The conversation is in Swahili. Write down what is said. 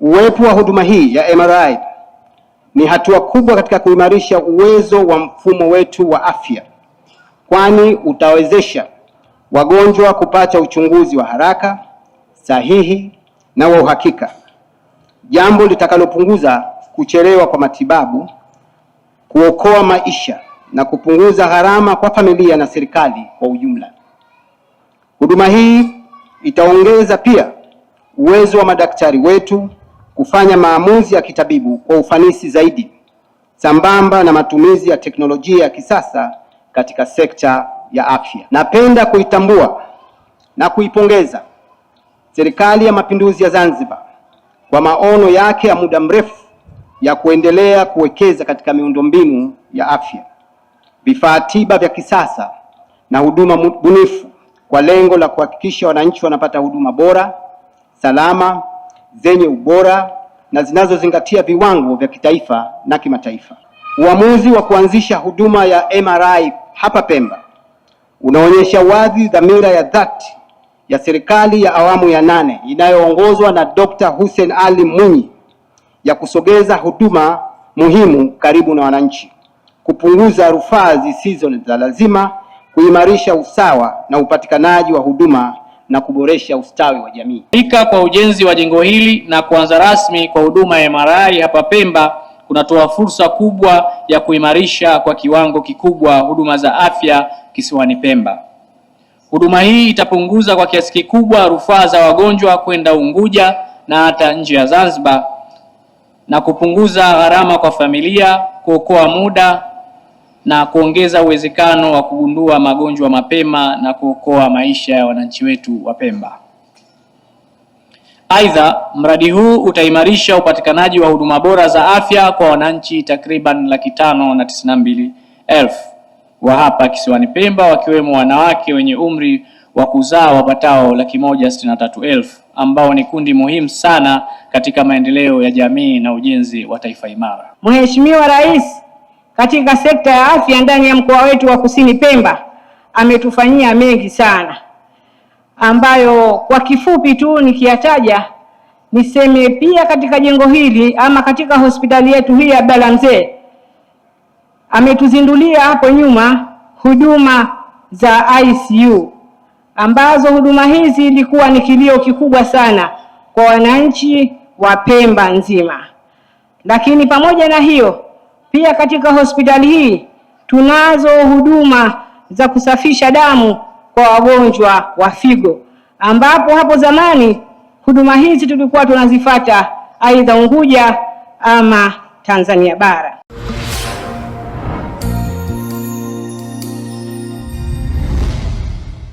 Uwepo wa huduma hii ya MRI ni hatua kubwa katika kuimarisha uwezo wa mfumo wetu wa afya, kwani utawezesha wagonjwa kupata uchunguzi wa haraka, sahihi na wa uhakika, jambo litakalopunguza kuchelewa kwa matibabu, kuokoa maisha na kupunguza gharama kwa familia na serikali kwa ujumla. Huduma hii itaongeza pia uwezo wa madaktari wetu kufanya maamuzi ya kitabibu kwa ufanisi zaidi sambamba na matumizi ya teknolojia ya kisasa katika sekta ya afya. Napenda kuitambua na kuipongeza Serikali ya Mapinduzi ya Zanzibar kwa maono yake ya muda mrefu ya kuendelea kuwekeza katika miundombinu ya afya, vifaa tiba vya kisasa na huduma bunifu kwa lengo la kuhakikisha wananchi wanapata huduma bora, salama zenye ubora na zinazozingatia viwango vya kitaifa na kimataifa. Uamuzi wa kuanzisha huduma ya MRI hapa Pemba unaonyesha wazi dhamira ya dhati ya serikali ya awamu ya nane inayoongozwa na Dr. Hussein Ali Mwinyi ya kusogeza huduma muhimu karibu na wananchi, kupunguza rufaa zisizo za lazima, kuimarisha usawa na upatikanaji wa huduma na kuboresha ustawi wa jamii. Ika kwa ujenzi wa jengo hili na kuanza rasmi kwa huduma ya MRI hapa Pemba kunatoa fursa kubwa ya kuimarisha kwa kiwango kikubwa huduma za afya kisiwani Pemba. Huduma hii itapunguza kwa kiasi kikubwa rufaa za wagonjwa kwenda Unguja na hata nje ya Zanzibar na kupunguza gharama kwa familia, kuokoa muda na kuongeza uwezekano wa kugundua magonjwa mapema na kuokoa maisha ya wananchi wetu wa Pemba. Aidha, mradi huu utaimarisha upatikanaji wa huduma bora za afya kwa wananchi takriban laki tano na tisini na mbili elfu wa hapa kisiwani Pemba, wakiwemo wanawake wenye umri wa kuzaa wapatao laki moja sitini na tatu elfu ambao ni kundi muhimu sana katika maendeleo ya jamii na ujenzi wa taifa imara. Mheshimiwa Rais katika sekta ya afya ndani ya mkoa wetu wa Kusini Pemba ametufanyia mengi sana, ambayo kwa kifupi tu nikiyataja niseme pia katika jengo hili ama katika hospitali yetu hii ya Abdalla Mzee ametuzindulia hapo nyuma huduma za ICU ambazo huduma hizi ilikuwa ni kilio kikubwa sana kwa wananchi wa Pemba nzima, lakini pamoja na hiyo pia katika hospitali hii tunazo huduma za kusafisha damu kwa wagonjwa wa figo, ambapo hapo zamani huduma hizi tulikuwa tunazifata aidha Unguja ama Tanzania bara.